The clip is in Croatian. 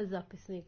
Zapisnik